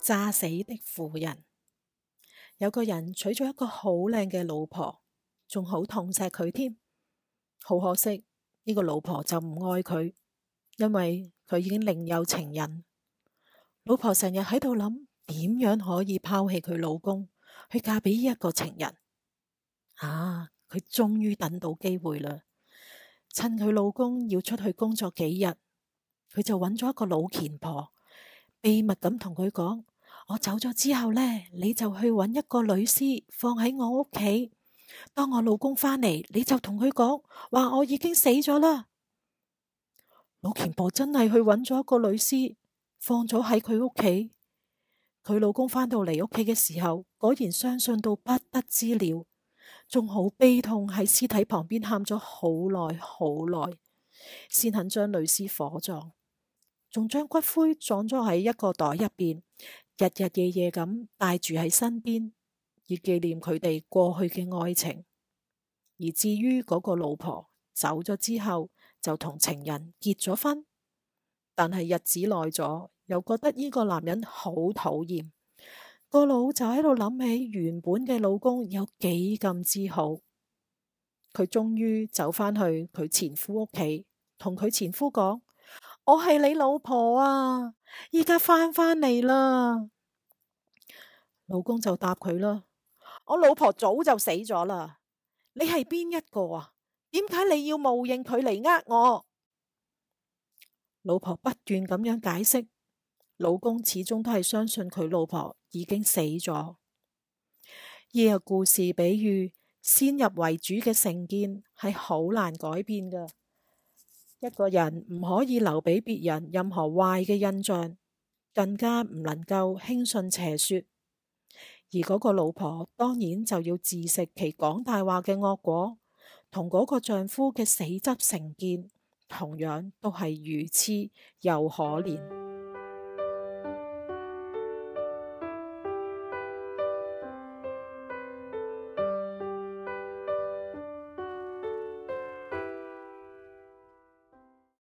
詐死的婦人，有個人娶咗一個好靚嘅老婆，仲好痛錫佢添。好可惜，呢個老婆就唔愛佢，因為佢已經另有情人。老婆成日喺度諗，點樣可以拋棄佢老公，去嫁俾呢一個情人？啊！佢終於等到機會啦，趁佢老公要出去工作幾日，佢就揾咗一個老虔婆。秘密咁同佢講，我走咗之後呢，你就去揾一個女屍放喺我屋企。當我老公翻嚟，你就同佢講話我已經死咗啦。老虔婆真係去揾咗一個女屍，放咗喺佢屋企。佢老公翻到嚟屋企嘅時候，果然相信到不得之了，仲好悲痛喺屍體旁邊喊咗好耐好耐，先肯將女屍火葬。仲將骨灰裝咗喺一個袋入邊，日日夜夜咁帶住喺身邊，以紀念佢哋過去嘅愛情。而至於嗰個老婆走咗之後，就同情人結咗婚，但係日子耐咗，又覺得呢個男人好討厭，個腦就喺度諗起原本嘅老公有幾咁之好。佢終於走返去佢前夫屋企，同佢前夫講。我係你老婆啊！依家返返嚟啦。老公就答佢啦，我老婆早就死咗啦，你係邊一個啊？點解你要冒認佢嚟呃我？老婆不斷咁樣解釋，老公始終都係相信佢老婆已經死咗。呢個故事比喻，先入為主嘅成見係好難改變噶。一個人唔可以留俾別人任何壞嘅印象，更加唔能夠輕信邪說。而嗰個老婆當然就要自食其講大話嘅惡果，同嗰個丈夫嘅死執成見，同樣都係愚痴又可憐。